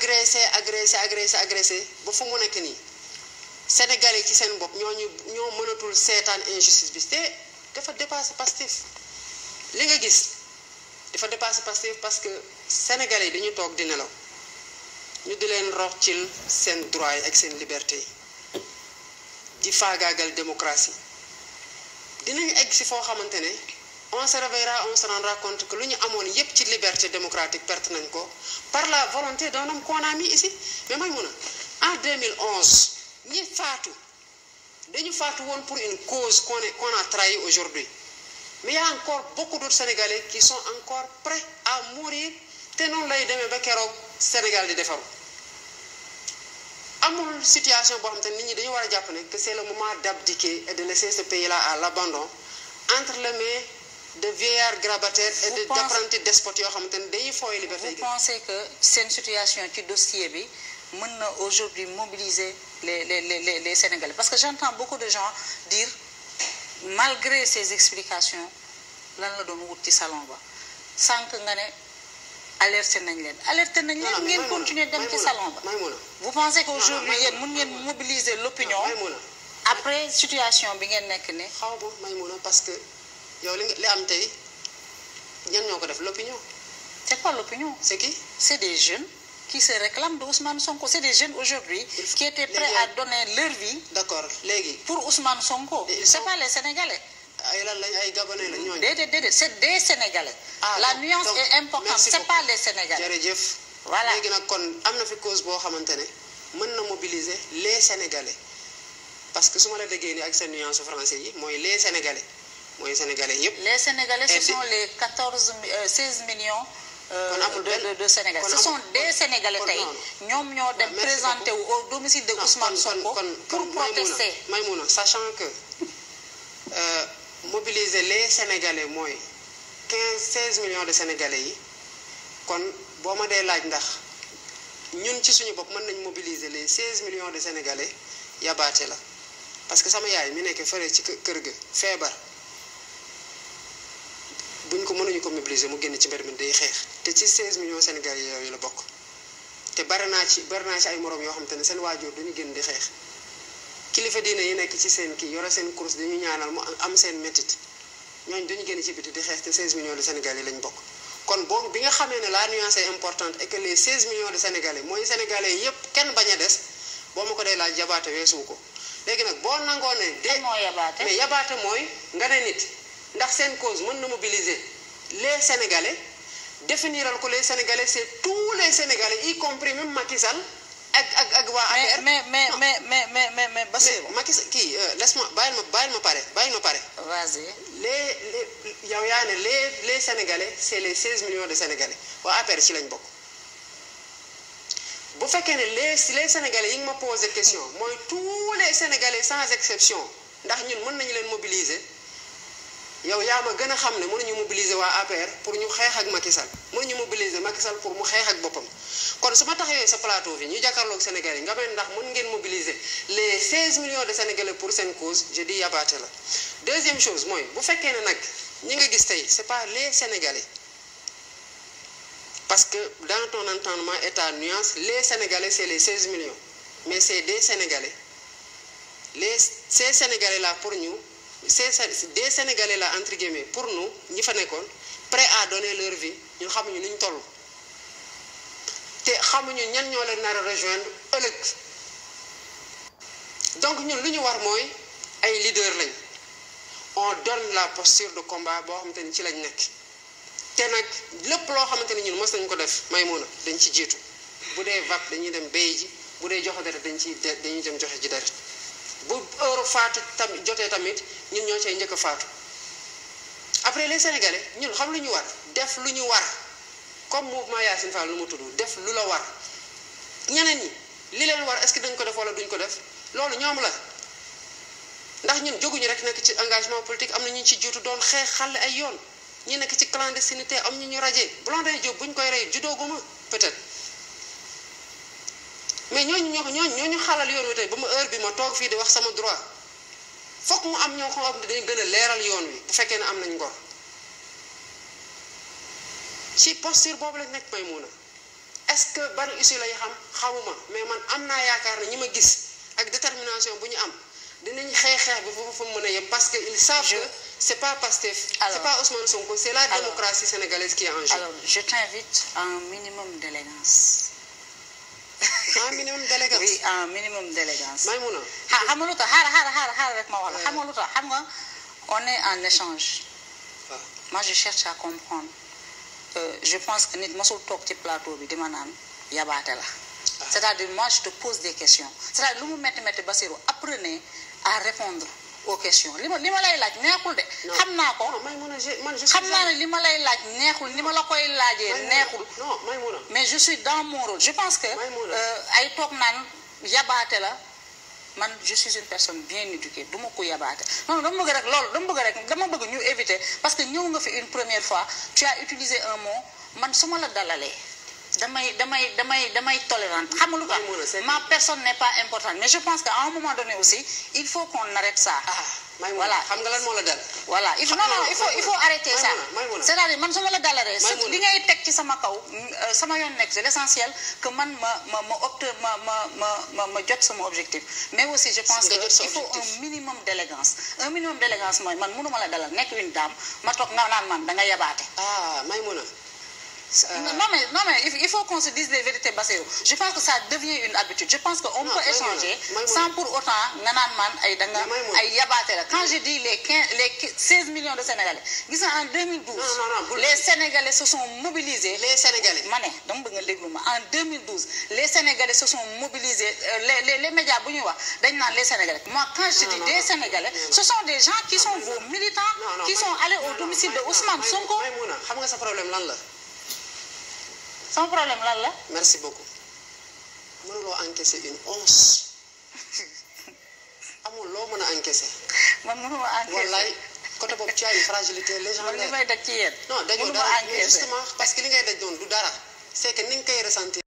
agressé agressé agressé agressé ba fu mu nekk nii sénégalais ci seen bopp ñooñu ñoo mënatul seetaan injustice bi te dafa dépassé Pastef li nga gis dafa dépassé Pastef parce que sénégalais yi dañu toog di nelaw ñu di leen roccil seen droit yi ak seen liberté yi di faagaagal démocratie dinañu egg si foo xamante ne on se réveillera on se rendra compte que l'Union ñu une petite liberté démocratique perte par la volonté d'un homme qu'on a mis ici mais moi, en 2011 ñi faatu dañu faatu pour une cause qu'on a trahi aujourd'hui mais il y a encore beaucoup d'autres Sénégalais qui sont encore prêts à mourir tenant laide de mes Sénégal di amul situation xam nit que c'est le moment d'abdiquer et de laisser ce pays là à l'abandon entre les mains de vieillards grabataires et de d'apprentis despotes vous pensez que une situation ci dossier bi aujourd'hui mobiliser les les les les Sénégalais parce que j'entends beaucoup de gens dire malgré ces explications nous la doon wut ci salon ba que nga ne alerté nañ leen alerté nañ continuer dem ci salon vous pensez qu'aujourd'hui aujourd'hui yéen mën mobiliser l'opinion après la situation bi est là parce que l'opinion. c'est pas l'opinion. c'est qui. c'est des jeunes qui se réclament de Ousmane Sonko c'est des jeunes aujourd'hui qui étaient prêts à donner leur vie. d'accord pour Ousmane Sonko. c'est pas les Sénégalais. ay lan Gabonais la c'est des Sénégalais. ah la nuance est importante c'est pas les Sénégalais. voilà léegi nag kon am fi cause boo xamante ne mobiliser les Sénégalais parce que su ma la déggee nii ak seen nuance français yi suis les Sénégalais les Sénégalais. ce sont les 14, 16 euh, euh, euh, millions de, Sénégalais. Ce sont des Sénégalais. Nous sommes présentés au domicile de Ousmane Ousmane pour protester. sachant que mobiliser les Sénégalais, 15, 16 millions de Sénégalais, nous nous on mobiliser les 16 millions de Sénégalais. Parce que ça c'est fait que je faire ko mënuñu ko mobiliser mu génn ci mbir mi day xeex te ci 16 millions yooyu la bokk te bari naa ci bari naa ay morom yoo xam ne seen waajur duñu génn di xeex kilifa diine yi nekk ci seen kii yore seen course dañu ñaanal mu am seen métit ñooñu duñu génn ci biti di xeex te 16 millions de sénégalais lañ bokk kon boobu bi nga xamee ne la nuance important importante et que les 16 millions de sénégalais mooy sénégalais yépp kenn bañ a des boo ma ko dee laaj yabaate weesuwu ko léegi nag boo nangoo ne de mais yabaate mooy nga ne nit ndax seen cause mën na mobiliser les Sénégalais définir les Sénégalais c'est tous les Sénégalais y compris même Macky Sall mais mais mais mais mais mais mais Macky euh, laisse-moi baille moi, baille ma moi vas-y. les les les les Sénégalais c'est les 16 millions de Sénégalais Wa après, ci lañ bu faites les les Sénégalais ils me ma des question moi tous les Sénégalais sans exception ndax ñun nous il y ma gën a xam ne mënuñu mobiliser waa APR pour ñu xeex ak Macky Sall mënuñu mobiliser Macky Sall pour mu xeex ak boppam kon su ma taxawee sa plateau bi ñu jàkkaarloog Sénégal yi nga mel ndax mobiliser les 16 millions de Sénégalais pour cette cause je dis yabaate la. deuxième chose mooy bu fekkee ne nag ñi nga gis tey c'est pas les Sénégalais parce que dans ton entendement et ta nuance les Sénégalais c'est les 16 millions mais c'est des Sénégalais les ces Sénégalais là pour ñu. ces des Sénégalais là entre guillemets pour nous ñi fa nekkoon prêts à donner leur vie ñun xamuñu nuñ toll te xamuñu ñan ñoo leen nar a rejoindre ëllëg donc ñun lu ñu war mooy ay leader lañ on donne la posture de combat boo xamante ni ci lañ nekk te nag lépp loo xamante ni ñun mos nañ ko def may mun a dañ ci jiitu bu dee vape dañuy dem béy ji bu dee joxo deret dañ ciy dañuy dem joxe ji deret bu heure faatu tamit jotee tamit ñun ñoo cay njëkk a faatu après les sénégalais ñun xam lu ñu war def lu ñu war comme mouvement Yacine Fall lu mu tudd def lu la war ñeneen ñi li leen war est que dañ ko def wala duñ ko def loolu ñoom la ndax ñun jóguñu rek nekk ci engagement politique am na ñu ci jiitu doon xeex xale ay yoon ñu nekk ci clandestinité am ñu ñu rajee Blondin Diop buñ koy rey judooguma peut-être. mais nous, nous nous, xalal nous droit nous, mu am dañu yoon bu ne am nañ ngor ci posture est-ce que ban lay xam xawuma mais man am yaakaar gis ak détermination bu am dinañ parce que savent que pas Pastef pas Ousmane Sonko c'est la démocratie sénégalaise qui est en jeu. alors je t'invite à un minimum d'élégance un ah, minimum d'élégance oui un ah, minimum d'élégance mais xam nga lu tax xaaral xaaral xaaral xaaral avec moi wax la xam on est en échange ah. moi je cherche à comprendre euh, je pense que nit mosul toog ci plateau bi dima naan yabaate la c'est-à-dire moi je te pose des questions c'est-à-dire nous mu mettez métti apprenez à répondre aux questions li ma li ma lay laaj neexul de. xam naa ko xam ne li ma lay laaj neexul ni la koy lajé nekhul mais je suis dans mon rôle je pense que. Euh, ay tok naan yabaté la. man je suis une personne bien éduquée du ma ko yabaate non dama bëgg rek lool dama bëgg rek dama bëgg ñu éviter parce que ñëw nga fi une première fois tu as utilisé un mot man suma la dalalé damay damay damay damay tolérant xam ma personne n'est pas importante mais je pense qu'à un moment donné aussi il faut qu'on arrête ça ah, voilà xam nga lan moo dal voilà il faut non non il faut il faut arrêter ça c'est-à-dire man su ma la dalaree li ngay teg ci sama kaw euh, sama yoon nekk c'est l'essentiel que man ma ma ma opte ma ma ma ma jette jot sama objectif mais aussi je pense que il faut un minimum d'élégance un minimum d'élégance mooy man mënuma la dalal nekk une dame ma toog nga naan man da nga yabaate ah Maïmouna euh, non, mais, il faut qu'on se dise les vérités, Je pense que ça devient une habitude. Je pense qu'on peut échanger sans pour autant Quand je dis les, les 16 millions de Sénégalais, en 2012, les Sénégalais se sont mobilisés. Les Sénégalais. En 2012, les Sénégalais se sont mobilisés. Euh, les, les, les médias, les Sénégalais. Moi, quand je dis des Sénégalais, ce sont des gens qui sont vos militants, qui sont allés au domicile de Ousmane Sonko. sama problème lan la. merci beaucoup mënuloo encaisser une once amul loo mën a encaisser. man mënuma encaisser wallaay côté boobu ci ay fragilité légendaire. man li may daj ci yéen. non dajoo dara justement parce que li ngay daj doon du dara c'est que ni nga koy ressentir.